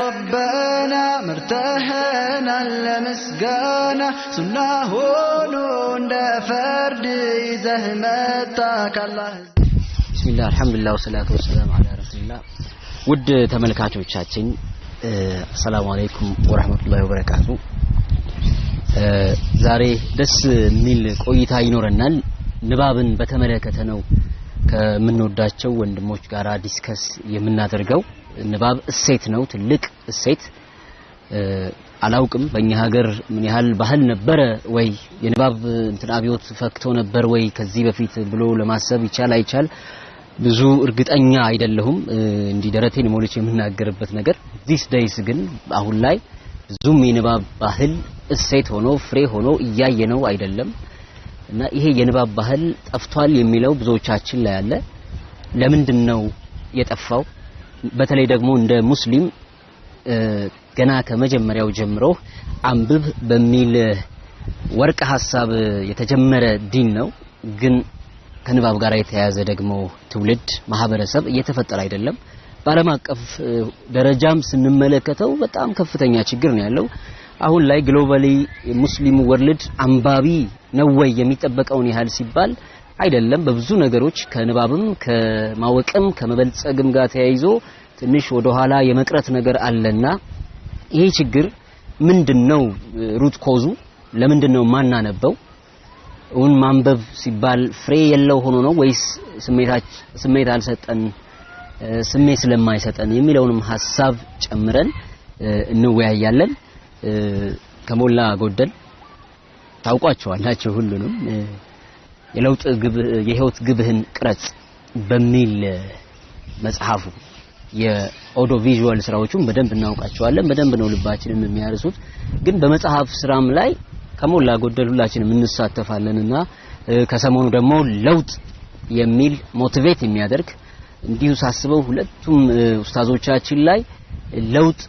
ረበና ምርተህናል ለምስጋና ሱና الله بسم الله الحمد لله ካላ والسلام على رسول الله ود تملكاتو ውድ ተመልካቾቻችን عليكم ورحمة الله وبركاته ዛሬ ደስ የሚል ቆይታ ይኖረናል። ንባብን በተመለከተ ነው ከምንወዳቸው ወንድሞች ጋራ ዲስከስ የምናደርገው። ንባብ እሴት ነው፣ ትልቅ እሴት። አላውቅም በእኛ ሀገር ምን ያህል ባህል ነበረ ወይ የንባብ እንትን አብዮት ፈክቶ ነበር ወይ ከዚህ በፊት ብሎ ለማሰብ ይቻል አይቻል ብዙ እርግጠኛ አይደለሁም። እንዲህ ደረቴን ሞልቼ የምናገርበት ነገር ዲስ ዴይስ ግን አሁን ላይ ብዙም የንባብ ባህል እሴት ሆኖ ፍሬ ሆኖ እያየ ነው አይደለም እና ይሄ የንባብ ባህል ጠፍቷል የሚለው ብዙዎቻችን ላይ አለ። ለምንድን ነው የጠፋው? በተለይ ደግሞ እንደ ሙስሊም ገና ከመጀመሪያው ጀምሮ አንብብ በሚል ወርቅ ሀሳብ የተጀመረ ዲን ነው። ግን ከንባብ ጋር የተያያዘ ደግሞ ትውልድ ማህበረሰብ እየተፈጠረ አይደለም። በዓለም አቀፍ ደረጃም ስንመለከተው በጣም ከፍተኛ ችግር ነው ያለው። አሁን ላይ ግሎባሊ ሙስሊሙ ወርልድ አንባቢ ነው ወይ የሚጠበቀውን ያህል ሲባል አይደለም። በብዙ ነገሮች ከንባብም ከማወቅም ከመበልጸግም ጋር ተያይዞ ትንሽ ወደኋላ የመቅረት ነገር አለና ይሄ ችግር ምንድነው? ሩት ኮዙ ለምንድነው ማናነበው? እውን ማንበብ ሲባል ፍሬ የለው ሆኖ ነው ወይስ ስሜት አልሰጠን ስሜት ስለማይሰጠን የሚለውንም ሀሳብ ጨምረን እንወያያለን። ከሞላ ጎደል ታውቋቸዋላችሁ ሁሉንም የለውጥ የህይወት ግብህን ቅረጽ በሚል መጽሐፉ የኦዲዮ ቪዥዋል ስራዎቹን በደንብ እናውቃቸዋለን። በደንብ ነው ልባችንም የሚያርሱት። ግን በመጽሐፍ ስራም ላይ ከሞላ ጎደል ሁላችንም እንሳተፋለንና ከሰሞኑ ደግሞ ለውጥ የሚል ሞቲቬት የሚያደርግ እንዲሁ ሳስበው ሁለቱም ኡስታዞቻችን ላይ ለውጥ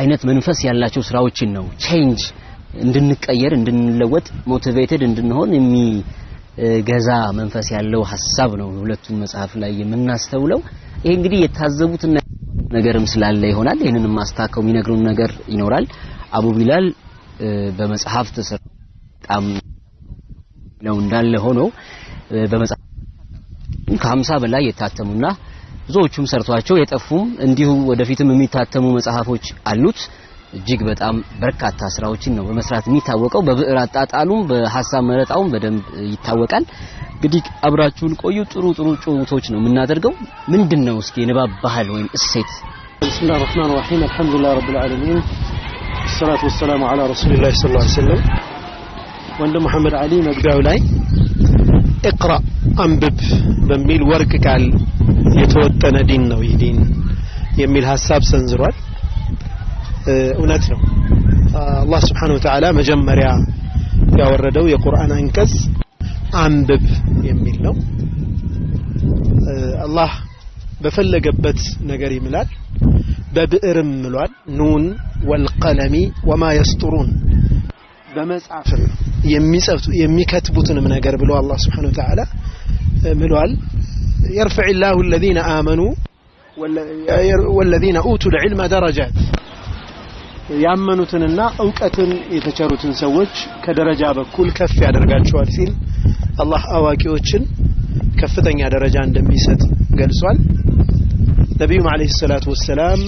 አይነት መንፈስ ያላቸው ስራዎችን ነው ቼንጅ እንድንቀየር እንድንለወጥ ሞቲቬትድ እንድንሆን የሚ ገዛ መንፈስ ያለው ሀሳብ ነው ሁለቱም መጽሐፍ ላይ የምናስተውለው። ይሄ እንግዲህ የታዘቡትና ነገርም ስላለ ይሆናል ይህንንም ማስታከው የሚነግሩን ነገር ይኖራል። አቡ ቢላል በመጽሐፍ ተሰራ በጣም ነው እንዳለ ሆኖ በመጽሐፍ ከሀምሳ በላይ የታተሙና ብዙዎቹም ሰርቷቸው የጠፉም እንዲሁ ወደፊትም የሚታተሙ መጽሐፎች አሉት። እጅግ በጣም በርካታ ስራዎችን ነው በመስራት የሚታወቀው። በብዕር አጣጣሉም በሀሳብ መረጣውም በደንብ ይታወቃል። እንግዲህ አብራችሁን ቆዩ። ጥሩ ጥሩ ጭውውቶች ነው የምናደርገው። ምንድን ነው እስኪ የንባብ ባህል ወይም እሴት? ብስሚላህ ረህማን ረሂም አልሐምዱሊላህ ረብል ዓለሚን ሰላቱ ወሰላሙ ዐላ ረሱሊላህ ሰለላሁ ዐለይሂ ወሰለም። ወንድም መሐመድ አሊ መግቢያው ላይ እቅራ አንብብ በሚል ወርቅ ቃል የተወጠነ ዲን ነው ይህ ዲን የሚል ሀሳብ ሰንዝሯል። እውነት ነው። አላህ ስብሓነ ወተዓላ መጀመሪያ ያወረደው የቁርአን አንቀጽ አንብብ የሚል ነው። አላህ በፈለገበት ነገር ይምላል። በብዕርም ምሏል። ኑን ወልቀለሚ ወማ የስጡሩን በመጻፍም የሚከትቡትንም ነገር ብሎ አላህ ስብሓነ ወተዓላ ምሏል። يرفع الله الذين آمنوا والذين أوتوا العلم درجات يامنوتننا اوقاتن يتشروتن سوچ كدرجا بكل كف يادرغاچوال سيل الله اواقيوچن كفتهنيا درجا اندميسد گلسوال نبيو عليه الصلاه والسلام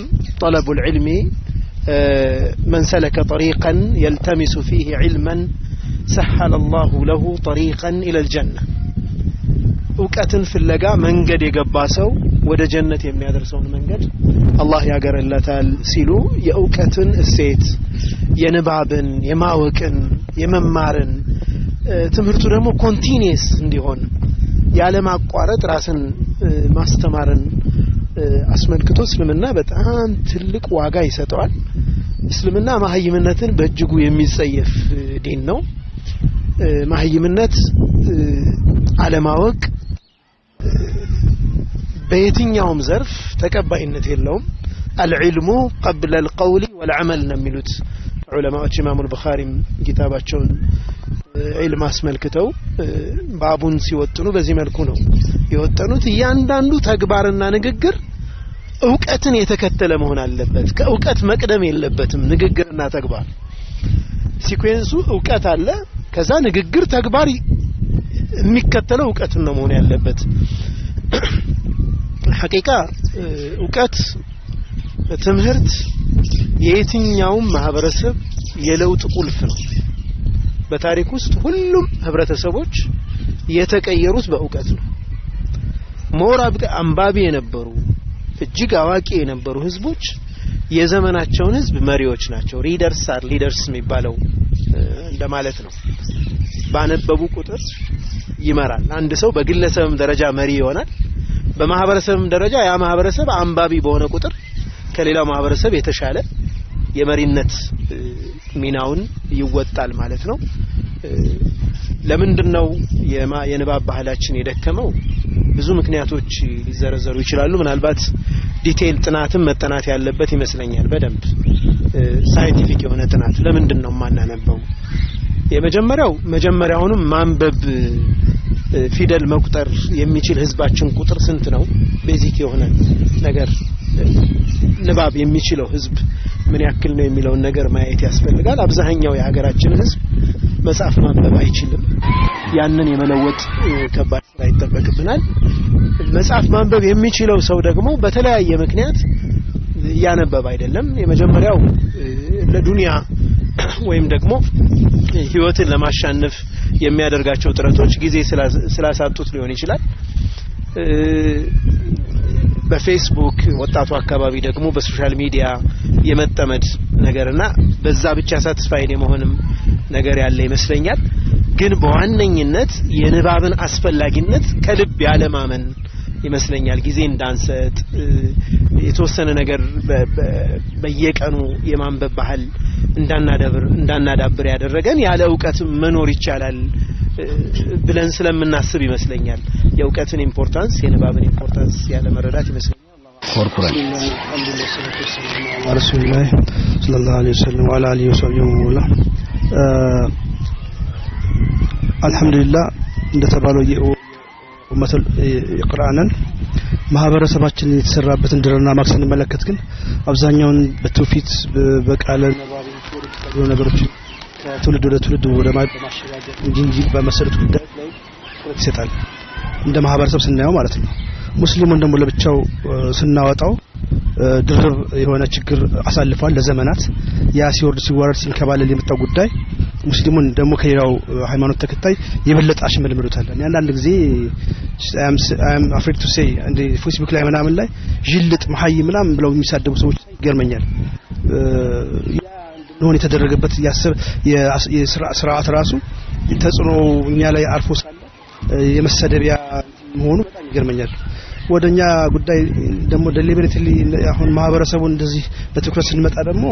طلب العلم من سلك طريقا يلتمس فيه علما سهل الله له طريقا الى الجنه اوقاتن فلغا منجد يگباسو ወደ ጀነት የሚያደርሰውን መንገድ አላህ ያገረለታል ሲሉ የእውቀትን እሴት የንባብን፣ የማወቅን፣ የመማርን ትምህርቱ ደግሞ ኮንቲኒየስ እንዲሆን ያለማቋረጥ ራስን ማስተማርን አስመልክቶ እስልምና በጣም ትልቅ ዋጋ ይሰጠዋል። እስልምና ማህይምነትን በእጅጉ የሚጸየፍ ዲን ነው። ማህይምነት አለማወቅ በየትኛውም ዘርፍ ተቀባይነት የለውም አልዕልሙ ቀብለ ልቀውሊ ወልዓመል ነው የሚሉት ዑለማዎች ኢማሙ ልቡኻሪም ኪታባቸውን ዒልም አስመልክተው ባቡን ሲወጥኑ በዚህ መልኩ ነው የወጠኑት እያንዳንዱ ተግባርና ንግግር እውቀትን የተከተለ መሆን አለበት ከእውቀት መቅደም የለበትም ንግግርና ተግባር ሲኩዌንሱ እውቀት አለ ከዛ ንግግር ተግባር የሚከተለው እውቀትን ነው መሆን ያለበት ሐቂቃ እውቀት ትምህርት የየትኛውም ማህበረሰብ የለውጥ ቁልፍ ነው። በታሪክ ውስጥ ሁሉም ህብረተሰቦች የተቀየሩት በእውቀት ነው። ሞር አንባቢ የነበሩ እጅግ አዋቂ የነበሩ ህዝቦች የዘመናቸውን ህዝብ መሪዎች ናቸው። ሪደርስ አር ሊደርስ የሚባለው እንደማለት ነው። ባነበቡ ቁጥር ይመራል። አንድ ሰው በግለሰብም ደረጃ መሪ ይሆናል። በማህበረሰብም ደረጃ ያ ማህበረሰብ አንባቢ በሆነ ቁጥር ከሌላው ማህበረሰብ የተሻለ የመሪነት ሚናውን ይወጣል ማለት ነው። ለምንድን ነው የንባብ ባህላችን የደከመው? ብዙ ምክንያቶች ሊዘረዘሩ ይችላሉ። ምናልባት ዲቴይል ጥናትም መጠናት ያለበት ይመስለኛል። በደንብ ሳይንቲፊክ የሆነ ጥናት ለምንድን ነው የማናነበው? የመጀመሪያው መጀመሪያውንም ማንበብ ፊደል መቁጠር የሚችል ህዝባችን ቁጥር ስንት ነው? ቤዚክ የሆነ ነገር ንባብ የሚችለው ህዝብ ምን ያክል ነው የሚለውን ነገር ማየት ያስፈልጋል። አብዛኛው የሀገራችን ህዝብ መጽሐፍ ማንበብ አይችልም። ያንን የመለወጥ ከባድ ስራ ይጠበቅብናል። መጽሐፍ ማንበብ የሚችለው ሰው ደግሞ በተለያየ ምክንያት እያነበብ አይደለም። የመጀመሪያው ለዱንያ ወይም ደግሞ ህይወትን ለማሻነፍ የሚያደርጋቸው ጥረቶች ጊዜ ስላሳጡት ሊሆን ይችላል። በፌስቡክ ወጣቱ አካባቢ ደግሞ በሶሻል ሚዲያ የመጠመድ ነገርና በዛ ብቻ ሳትስፋይድ የመሆንም ነገር ያለ ይመስለኛል። ግን በዋነኝነት የንባብን አስፈላጊነት ከልብ ያለማመን ይመስለኛል። ጊዜ እንዳንሰጥ የተወሰነ ነገር በየቀኑ የማንበብ ባህል እንዳናዳብር ያደረገን ያለ እውቀት መኖር ይቻላል ብለን ስለምናስብ ይመስለኛል። የእውቀትን ኢምፖርታንስ የንባብን ኢምፖርታንስ ያለ መረዳት ይመስለኛል። ኮርፖራል እንደተባለው ማህበረሰባችን የተሰራበትን ድርና ማክስ ግን አብዛኛውን በትውፊት በቃለ የሆኑ ነገሮችን ትውልድ ወደ ትውልድ ወደ ማለት በማሸጋገር እንጂ በመሰረቱ ጉዳይ ላይ ትኩረት ይሰጣል። እንደ ማህበረሰብ ስናየው ማለት ነው። ሙስሊሙን ደግሞ ለብቻው ስናወጣው ድርብ የሆነ ችግር አሳልፏል ለዘመናት። ያ ሲወርድ ሲዋረድ ሲንከባለል የመጣው ጉዳይ ሙስሊሙን ደግሞ ከሌላው ሃይማኖት ተከታይ የበለጠ አሽመልምዶታል። እኔ አንዳንድ ጊዜ አም አፍሬድ ቱ ሴይ እንደ ፌስቡክ ላይ ምናምን ላይ ዥልጥ መሀይ ምናምን ብለው የሚሳደቡ ሰዎች ይገርመኛል። ለሆነ የተደረገበት ያሰብ ስርዓት ራሱ ተጽዕኖ እኛ ላይ አርፎ ሳለ የመሰደቢያ መሆኑ በጣም ይገርመኛል። ወደኛ ጉዳይ ደግሞ ዴሊበሬትሊ አሁን ማህበረሰቡን እንደዚህ በትኩረት ስንመጣ ደግሞ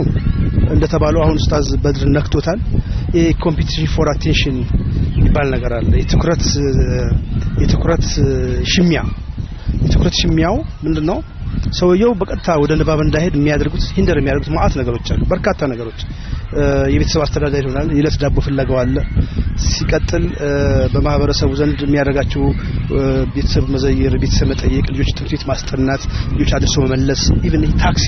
እንደተባለው አሁን ኡስታዝ በድር ነክቶታል። የኮምፒቲሽን ፎር አቴንሽን ይባል ነገር አለ። የትኩረት የትኩረት ሽሚያ የትኩረት ሽሚያው ምንድነው? ሰውየው በቀጥታ ወደ ንባብ እንዳይሄድ የሚያደርጉት ሂንደር የሚያደርጉት ማአት ነገሮች አሉ። በርካታ ነገሮች የቤተሰብ አስተዳደር ይሆናል። ይለስ ዳቦ ፍለጋው አለ። ሲቀጥል በማህበረሰቡ ዘንድ የሚያደርጋቸው ቤተሰብ መዘየር፣ ቤተሰብ መጠየቅ፣ ልጆች ትምህርት ቤት ማስጠናት፣ ልጆች አድርሶ መመለስ፣ ኢቭን ታክሲ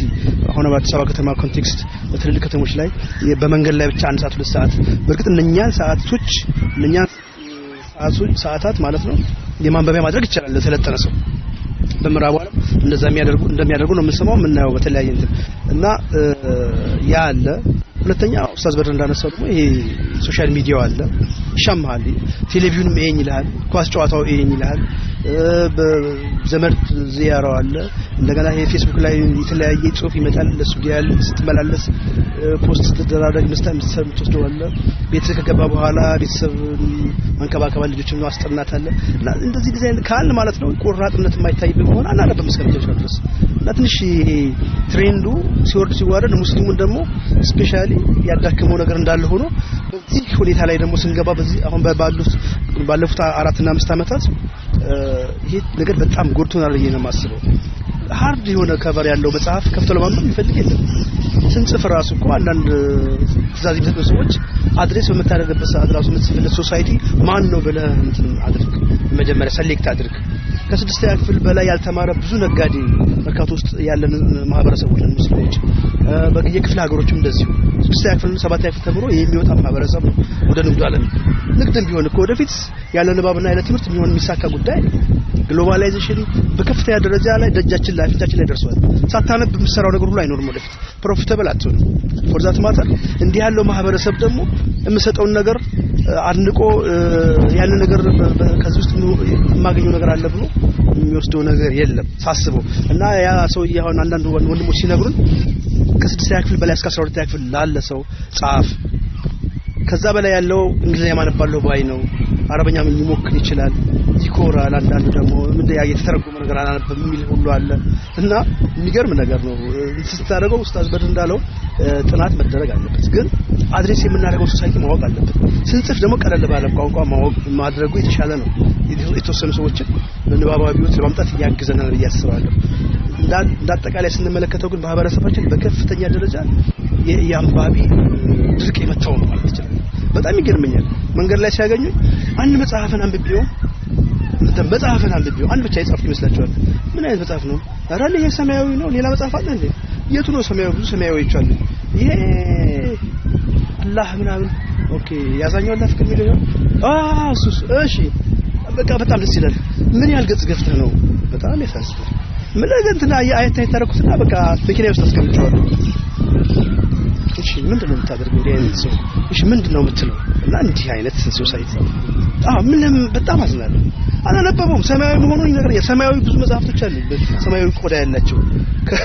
አሁን በአዲስ አበባ ከተማ ኮንቴክስት በትልልቅ ከተሞች ላይ በመንገድ ላይ ብቻ አንድ ሰዓት ሁለት ሰዓት በእርግጥ እነኛን ሰዓቶች እነኛን ሰዓታት ማለት ነው የማንበቢያ ማድረግ ይቻላል ለሰለጠነ ሰው በምዕራቡ ዓለም እንደዛ የሚያደርጉ እንደሚያደርጉ ነው የምንሰማው የምናየው በተለያየ እንትን እና ያ አለ። ሁለተኛ ኡስታዝ በድር እንዳነሳው ደግሞ ይሄ ሶሻል ሚዲያው አለ ይሻምሃል። ቴሌቪዥኑም ይሄን ይልሃል፣ ኳስ ጨዋታው ይሄን ይልሃል። በዘመድ ዝያራው አለ። እንደገና ይሄ ፌስቡክ ላይ የተለያየ ጽሁፍ ይመጣል። ለሱ ያል ስትመላለስ ፖስት ስትደራረግ ምስታ የምትወስደው አለ። ቤተሰብ ከገባ በኋላ ቤተሰብ መንከባከባ ልጆችም ነው አስጠናት አለ። እና እንደዚህ ጊዜ ካል ማለት ነው ቆራጥነት የማይታይብን ከሆነ አናነብም እስከ መጨረሻው ድረስ እና ትንሽ ይሄ ትሬንዱ ሲወርድ ሲዋረድ ሙስሊሙን ደግሞ ስፔሻሊ ያዳክመው ነገር እንዳለ ሆኖ በዚህ ሁኔታ ላይ ደግሞ ስንገባ በዚህ አሁን ባሉት ባለፉት አራትና አምስት አመታት ይሄ ነገር በጣም ጎድቶናል ብዬ ነው የማስበው። ሀርድ የሆነ ከቨር ያለው መጽሐፍ ከፍቶ ለማንበብ የሚፈልግ የለም። ስንጽፍ ራሱ እኮ አንዳንድ ትእዛዝ የሚሰጡ ሰዎች አድሬስ በምታደርግበት ሰዓት ራሱ የምትጽፍለት ሶሳይቲ ማን ነው ብለህ እንትን አድርግ፣ መጀመሪያ ሰሌክት አድርግ ከስድስተኛ ክፍል በላይ ያልተማረ ብዙ ነጋዴ መርካቶ ውስጥ ያለን ማህበረሰቦች ነን ሙስሊሞች። በግየ ክፍለ ሀገሮችም እንደዚሁ ስድስተኛ ክፍል፣ ሰባተኛ ክፍል ተምሮ የሚወጣ ማህበረሰብ ነው ወደ ንግዱ አለም ንግድም ቢሆን እኮ ወደፊት ያለ ንባብና ያለ ትምህርት የሚሆን የሚሳካ ጉዳይ ግሎባላይዜሽን በከፍተኛ ደረጃ ላይ ደጃችን ላይ ፊታችን ላይ ደርሷል። ሳታነብ የምትሰራው ነገር ሁሉ አይኖርም። ወደፊት ፕሮፊታብል አትሆንም። ፎር ዛት ማተር እንዲህ ያለው ማህበረሰብ ደግሞ የምሰጠውን ነገር አድንቆ ያንን ነገር ከዚህ ውስጥ የማገኘው ነገር አለ ብሎ የሚወስደው ነገር የለም ሳስበው እና ያ ሰውዬ አሁን አንዳንድ ወንድሞች ሲነግሩን ከስድስተኛ ክፍል በላይ እስከ አስራ ሁለተኛ ክፍል ላለ ሰው ጻፍ ከዛ በላይ ያለው እንግሊዝኛ ማነባለው ባይ ነው። አረበኛም ሊሞክር ይችላል፣ ይኮራል። አንዳንዱ ደግሞ የተተረጎመ ነገር አላነብም የሚል ሁሉ አለ እና የሚገርም ነገር ነው። ስታደርገው ኡስታዝ በድር እንዳለው ጥናት መደረግ አለበት፣ ግን አድሬስ የምናደርገው ሶሳይቲ ማወቅ አለበት። ስንጽፍ ደግሞ ቀለል ባለ ቋንቋ ማወቅ ማድረጉ የተሻለ ነው። የተወሰኑ ሰዎችን በንባባዊ ሕይወት ለማምጣት እያግዘናል ብዬ አስባለሁ። እንዳጠቃላይ ስንመለከተው ግን ማህበረሰባችን በከፍተኛ ደረጃ የአንባቢ ድርቅ የመታው ነው ማለት ይችላል። በጣም ይገርመኛል። መንገድ ላይ ሲያገኙ አንድ መጽሐፍን አንብቤው መጽሐፍን አንብቤው አንድ ብቻ የጻፍኩ ይመስላችኋል? ምን አይነት መጽሐፍ ነው? ኧረ ይሄ ሰማያዊ ነው። ሌላ መጽሐፍ አለ እንዴ? የቱ ነው ሰማያዊ? ብዙ ሰማያዊ አሉ። ይሄ አላህ ምናምን ኦኬ፣ ያዛኛው አላህ ፍቅር የሚለው አዎ፣ እሱስ እሺ፣ በቃ በጣም ደስ ይላል። ምን ያህል ገጽ ገፍተህ ነው? በጣም ያሳስባል። ምን ለገንትና የአይታ የታረኩትና በቃ መኪና ውስጥ አስቀምጨዋለሁ። እሺ ምንድነው የምታደርገው? እንዲህ አይነት ሰው እሺ ምንድነው የምትለው? እና እንዲህ አይነት ሶሳይቲ አዎ ምንም በጣም አዝናለሁ። አላነበበውም ሰማያዊ መሆኑ ይነገር የሰማያዊ ብዙ መጽሐፍቶች አሉ። ሰማያዊ ቆዳ ያላቸው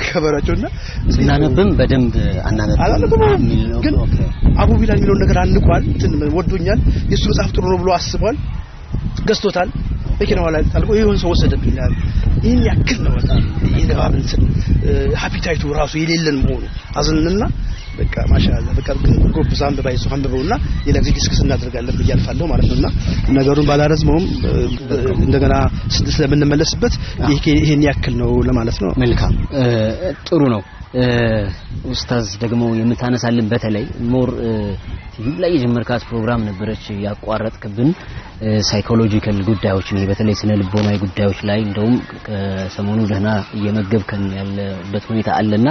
ከበራቸውና ስናነብም በደንብ አናነብም። ግን አቡ ቢላል የሚለውን ነገር አንቋል፣ ወዶኛል፣ የሱ መጽሐፍ ጥሩ ነው ብሎ አስቧል፣ ገዝቶታል መኪናው ላይ ጣልቆ ይሁን ሰው ወሰደብኝ ይላል። ይህን ያክል ነው በጣም የንባብ እንትን ሀፒታይቱ ራሱ የሌለን መሆኑ አዝንና በቃ ማሻአላ በቃ ግሩፕ አንብባ ይሱ አንብበውና ሌላ ጊዜ ዲስክስ እናደርጋለን ብዬ አልፋለሁ ማለት ነውና ነገሩን ባላረዝመውም እንደገና ስለምንመለስበት ይሄን ያክል ነው ለማለት ነው። መልካም ጥሩ ነው። ኡስታዝ ደግሞ የምታነሳልን በተለይ ሞር ዩቲዩብ ላይ የጀመርካት ፕሮግራም ነበረች ያቋረጥክብን ሳይኮሎጂካል ጉዳዮች ላይ በተለይ ስነ ልቦናዊ ጉዳዮች ላይ እንደውም ከሰሞኑ ደህና እየመገብከን ያለበት ሁኔታ አለና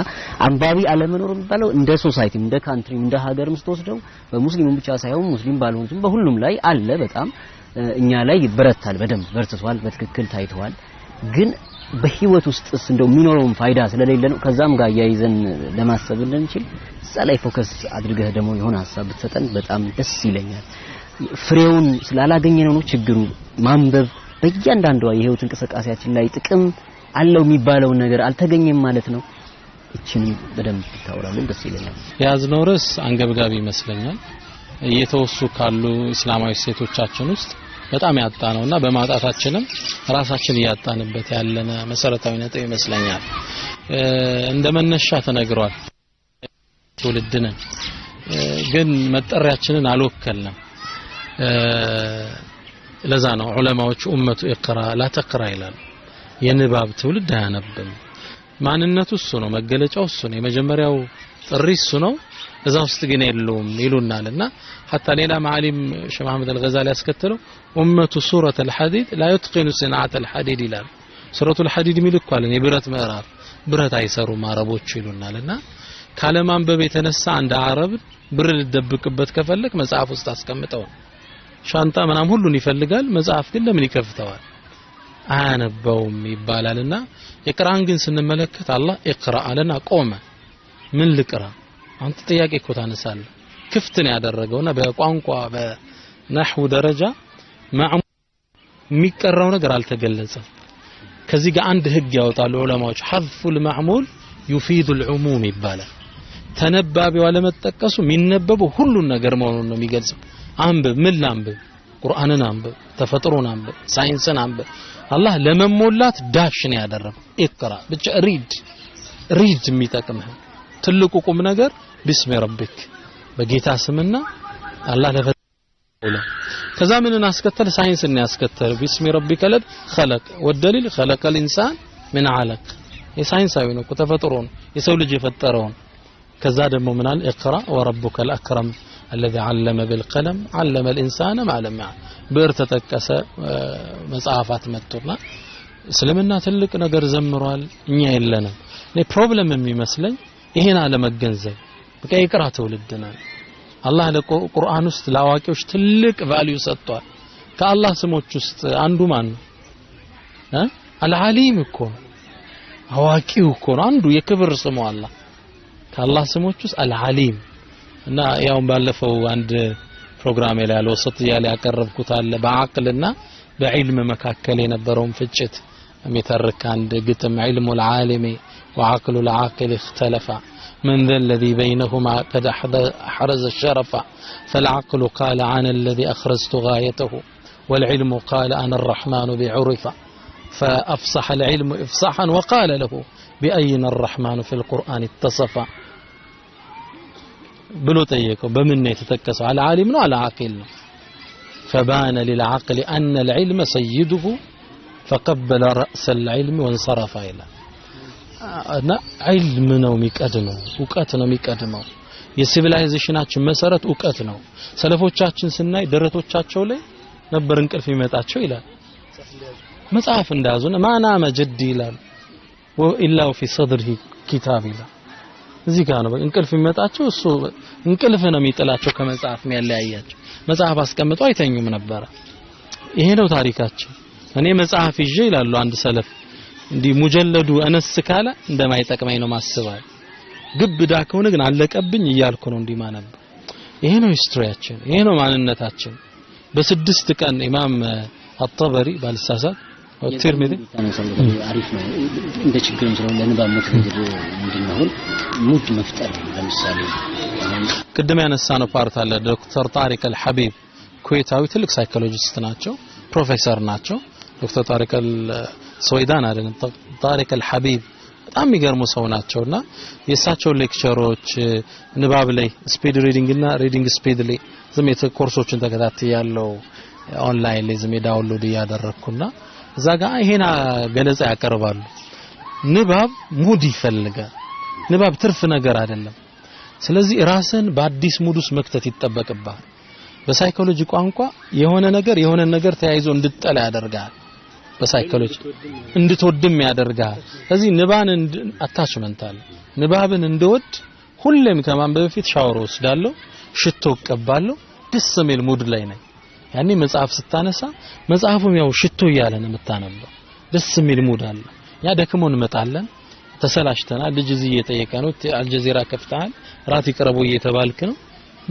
አንባቢ አለመኖር የሚባለው እንደ ሶሳይቲም እንደ ካንትሪም እንደ ሀገርም ስትወስደው በሙስሊሙም ብቻ ሳይሆን ሙስሊም ባልሆኑትም በሁሉም ላይ አለ። በጣም እኛ ላይ ይበረታል፣ በደንብ በርትቷል፣ በትክክል ታይተዋል። ግን በህይወት ውስጥስ እንደው የሚኖረውን ፋይዳ ስለሌለ ነው። ከዛም ጋር እያይዘን ለማሰብ እንደንችል እዛ ላይ ፎከስ አድርገህ ደግሞ የሆነ ሀሳብ ብትሰጠን በጣም ደስ ይለኛል። ፍሬውን ስላላገኘ ነው ችግሩ። ማንበብ በእያንዳንዷ የህይወት እንቅስቃሴያችን ላይ ጥቅም አለው የሚባለውን ነገር አልተገኘም ማለት ነው። እቺንም በደንብ ታወራለን፣ ደስ ይለኛል። የያዝነው ርዕስ አንገብጋቢ ይመስለኛል። እየተወሱ ካሉ እስላማዊ ሴቶቻችን ውስጥ በጣም ያጣ ነውና በማጣታችንም ራሳችን እያጣንበት ያለነ መሰረታዊ ነጥብ ይመስለኛል። እንደ መነሻ ተነግሯል። ትውልድንን ግን መጠሪያችንን አልወከልንም። ለዛ ነው ዑለማዎቹ ኡመቱ ኢቅራ ላተቅራ ይላሉ። የንባብ ትውልድ አያነብም። ማንነቱ እሱ ነው፣ መገለጫው እሱ ነው፣ የመጀመሪያው ጥሪ እሱ ነው። እዛ ውስጥ ግን የለውም ይሉናል። እና ሀታ ሌላ መዓሊም ሸህ መሐመድ አልገዛሊ ያስከትለው ኡመቱ ሱረት አልሐዲድ ላ ዩትቂኑ ሲንዓት አልሐዲድ ይላል። ሱረቱ አልሐዲድ የሚል እኮ የብረት ምዕራፍ ብረት አይሰሩም አረቦቹ ይሉናል። እና ካለማንበብ የተነሳ አንድ አረብ ብር ልደብቅበት ከፈለግ መጽሐፍ ውስጥ አስቀምጠው ሻንጣ ምናም ሁሉን ይፈልጋል። መጽሐፍ ግን ለምን ይከፍተዋል? አያነበውም ይባላልና የቅራን ግን ስንመለከት አላህ እቅራ አለና ቆመ። ምን ልቅራ? አንተ ጥያቄ እኮ ክፍትን ክፍት ነው ያደረገውና በቋንቋ በነህው ደረጃ የሚቀራው ነገር አልተገለጸም። ከዚህ ጋር አንድ ህግ ያወጣሉ ዑለማዎች ሐፉል ማዕሙል ዩፊዱል ዑሙም ይባላል። ተነባቢው አለመጠቀሱ የሚነበበው ሁሉን ነገር መሆኑን ነው የሚገልጸው። አንብብ ምን ላንብብ ቁርአንን አንብብ ተፈጥሮን አንብብ ሳይንስን አንብብ አላህ ለመሞላት ዳሽን ያደረገው ኢቅራ ብቻ ሪድ ሪድ የሚጠቅምህ ትልቁ ቁም ነገር ቢስሚ ረቢክ በጌታ ስምና አላህ ለፈጠረ ከዛ ምንን አስከተል ሳይንስ እና ቢስሚ ረቢከ ለድ ኸለቅ ወደሊል ኸለቀ ልኢንሳን ምን አለቅ የሳይንሳዊ ነው ተፈጥሮ ነው የሰው ልጅ የፈጠረውን ከዛ ደግሞ ምናል ኢቅራ ወረቡከ ልአክረም الذي علم بالقلم علم الإنسان ما لم يعلم بيرتتك أسا مصافات متورنا سلمنا تلك نقر زمرال نيا إلنا ني بروبلم مي مسلن إهنا على مجنزل بك يكره تولدنا الله لك قرآن است لواكي تلك فاليو ستوا كالله سمو تشست عنده من ها العليم يكون هواكي يكون عنده يكبر سمو الله كالله سمو تشست العليم يوم ያውም عند አንድ ፕሮግራሜ ላይ ያለው ሰጥያ ላይ ያቀረብኩት አለ በአቅልና በዕልም መካከል የነበረውን ፍጭት የሚተርክ አንድ ግጥም ዕልሙ ልዓሊሚ وعقل العاقل اختلفا من ذا الذي بينهما قد أحرز الشرف فالعقل قال عن الذي أخرجت غايته والعلم قال أنا الرحمن بعرفة فأفصح العلم إفصاحا وقال له بأين الرحمن في القرآن اتصف بلو طيكم بمن يتتكس على عالم وعلى عاقل فبان للعقل أن العلم سيده فقبل رأس العلم وانصرف إلى أنا علم نومك أدنو وكأتنا ميك أدنو يسيفلايزيشن أتش مسارات وكأتنو سلفو تشاتشن سناي درتو تشاتشو لي نبرنك في ما تشو إلى ما تعرف ما نام جدي إلا وإلا في صدره كتابي إلى እዚህ ጋር ነው እንቅልፍ የሚመጣቸው። እሱ እንቅልፍ ነው የሚጥላቸው ከመጽሐፍ የሚያለያያቸው። መጽሐፍ አስቀምጦ አይተኙም ነበረ። ይሄ ነው ታሪካቸው። እኔ መጽሐፍ ይዤ ይላሉ አንድ ሰለፍ እንዲህ ሙጀለዱ አነስ ካለ እንደማይጠቅመኝ ነው ማስባል። ግብዳ ከሆነ ግን አለቀብኝ እያልኩ ነው እንዲህ ማነብ። ይሄ ነው ሂስትሪያችን፣ ይሄ ነው ማንነታችን። በስድስት ቀን ኢማም አጠበሪ ባልሳሳት ቴርሜዲ አሪፍ ነው። እንደ ችግርም ስለ ለንባብ ምክር እንድንሆን ሙድ መፍጠር ለምሳሌ ቅድም ያነሳ ነው ፓርት አለ። ዶክተር ጣሪቅ አልሐቢብ ኩዌታዊ ትልቅ ሳይኮሎጂስት ናቸው፣ ፕሮፌሰር ናቸው። ዶክተር ጣሪቅ አልሰወይዳን አይደለም፣ ጣሪቅ አልሐቢብ በጣም የሚገርሙ ሰው ናቸውና የእሳቸው ሌክቸሮች ንባብ ላይ ስፒድ ሪዲንግ እና ሪዲንግ ስፒድ ላይ ዝም ኮርሶችን ተከታትያለሁ። ኦንላይን ላይ ዝም ዳውንሎድ እያደረግኩና እዛ ጋ ይሄና ገለጻ ያቀርባሉ። ንባብ ሙድ ይፈልጋል። ንባብ ትርፍ ነገር አይደለም። ስለዚህ ራስን በአዲስ ሙድ ውስጥ መክተት ይጠበቅብሃል። በሳይኮሎጂ ቋንቋ የሆነ ነገር የሆነ ነገር ተያይዞ እንድትጠላ ያደርጋል። በሳይኮሎጂ እንድትወድም ያደርጋል። ስለዚህ ንባን አታችመንት አለ። ንባብን እንድወድ ሁሌም ከማንበብ በፊት ሻወር ወስዳለሁ፣ ሽቶ እቀባለሁ፣ ደስ የሚል ሙድ ላይ ነኝ። ያኔ መጽሐፍ ስታነሳ መጽሐፉም ያው ሽቶ እያለ ነው የምታነበው። ደስ የሚል ሙድ አለ። ያ ደክሞ እንመጣለን፣ ተሰላሽተናል። ልጅ እዚህ እየጠየቀ ነው። አልጀዚራ ከፍተሃል፣ ራት ይቅረቦ እየተባልክ ነው።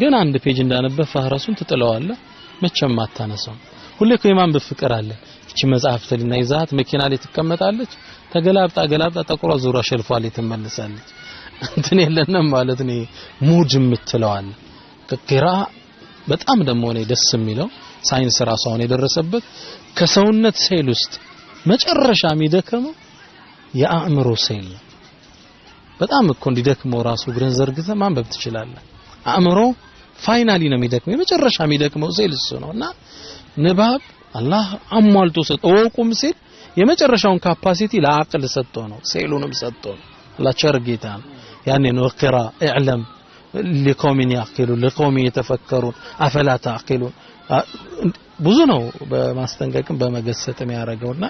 ግን አንድ ፔጅ እንዳነበብ ፋህረሱን ትጥለዋለህ፣ መቼም አታነሳው። ሁሌ እኮ የማንበብ ፍቅር አለ። እቺ መጽሐፍ ትልና ይዛት መኪና ላይ ትቀመጣለች። ተገላብጣ ገላብጣ ጠቁሯ ዙራ ሸልፏ ላይ ትመልሳለች። እንትን የለንም ማለት ነው ሙድ የምትለዋል። ቅራ በጣም ደሞ ነው ደስ የሚለው ሳይንስ ራሱ አሁን የደረሰበት ከሰውነት ሴል ውስጥ መጨረሻ የሚደክመው የአእምሮ ሴል ነው። በጣም እኮ እንዲደክመው ራሱ እግርን ዘርግተህ ማንበብ ትችላለህ። አእምሮ ፋይናሊ ነው የሚደክመው፣ የመጨረሻ የሚደክመው ሴል እሱ ነው እና ንባብ አላህ አሟልቶ ሰጥ እወቁም ሲል የመጨረሻውን ካፓሲቲ ለአቅል ሰጥቶ ነው ሴሉንም ሰጥቶ ነው። አላህ ቸር ጌታ ነው። ያኔ ነው ቅራ ኢዕለም ሊቆሚን ያቂሉን ሊቆሚ የተፈከሩን አፈላ ታቂሉን ብዙ ነው በማስጠንቀቅም በመገሰጥም ያደረገውና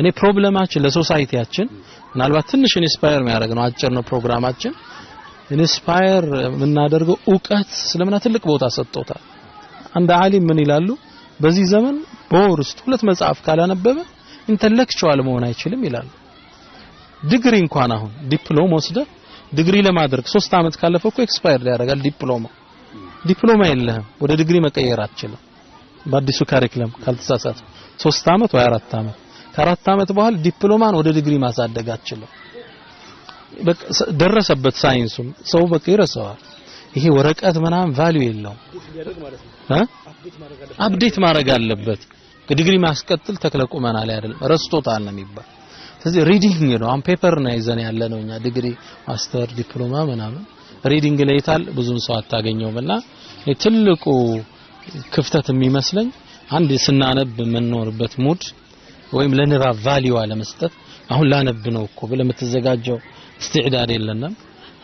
እኔ ፕሮብለማችን ለሶሳይቲያችን ምናልባት ትንሽ ኢንስፓየር የሚያደርግ ነው። አጭር ነው ፕሮግራማችን። ኢንስፓየር የምናደርገው እውቀት እስልምና ትልቅ ቦታ ሰጥቶታል። አንድ ዓሊም ምን ይላሉ? በዚህ ዘመን በወር ውስጥ ሁለት መጽሐፍ ካላነበበ ኢንተሌክቹዋል መሆን አይችልም ይላሉ። ዲግሪ እንኳን አሁን ዲፕሎም ወስደ ዲግሪ ለማድረግ ሶስት አመት ካለፈ እኮ ኤክስፓየር ያደርጋል ዲፕሎማ። ዲፕሎማ የለህም ወደ ዲግሪ መቀየር አትችልም። በአዲሱ ካሪክለም ካልተሳሳተ ሶስት አመት ወይ አራት አመት ከአራት አመት በኋላ ዲፕሎማን ወደ ዲግሪ ማሳደግ አችልም። ደረሰበት ሳይንሱም ሰው በቃ ይረሳዋል። ይሄ ወረቀት ምናምን ቫልዩ የለውም። አፕዴት ማድረግ አለበት። ዲግሪ ማስቀጥል ተክለቁመና ላይ አይደለም፣ ረስቶታል ነው የሚባል። ስለዚህ ሪዲንግ ነው አሁን ፔፐር ነው ይዘን ያለ ነው እኛ ዲግሪ ማስተር ዲፕሎማ ምናምን ሪዲንግ ላይ ይታል ብዙን ሰው አታገኘውምና ትልቁ ክፍተት የሚመስለኝ አንድ ስናነብ የምንኖርበት ሙድ ወይም ለንባብ ቫሊዩ አለመስጠት። አሁን ላነብ ነው እኮ ብለ የምትዘጋጀው እስትዕዳድ የለንም።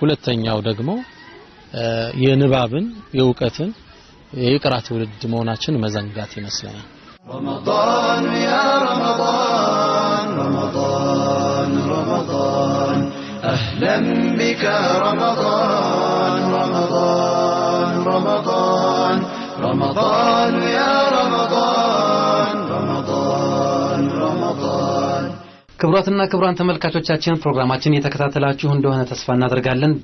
ሁለተኛው ደግሞ የንባብን የእውቀትን የቅራ ትውልድ መሆናችን መዘንጋት بك رمضان ክቡራትና ክቡራን ተመልካቾቻችን ፕሮግራማችን የተከታተላችሁ እንደሆነ ተስፋ እናደርጋለን።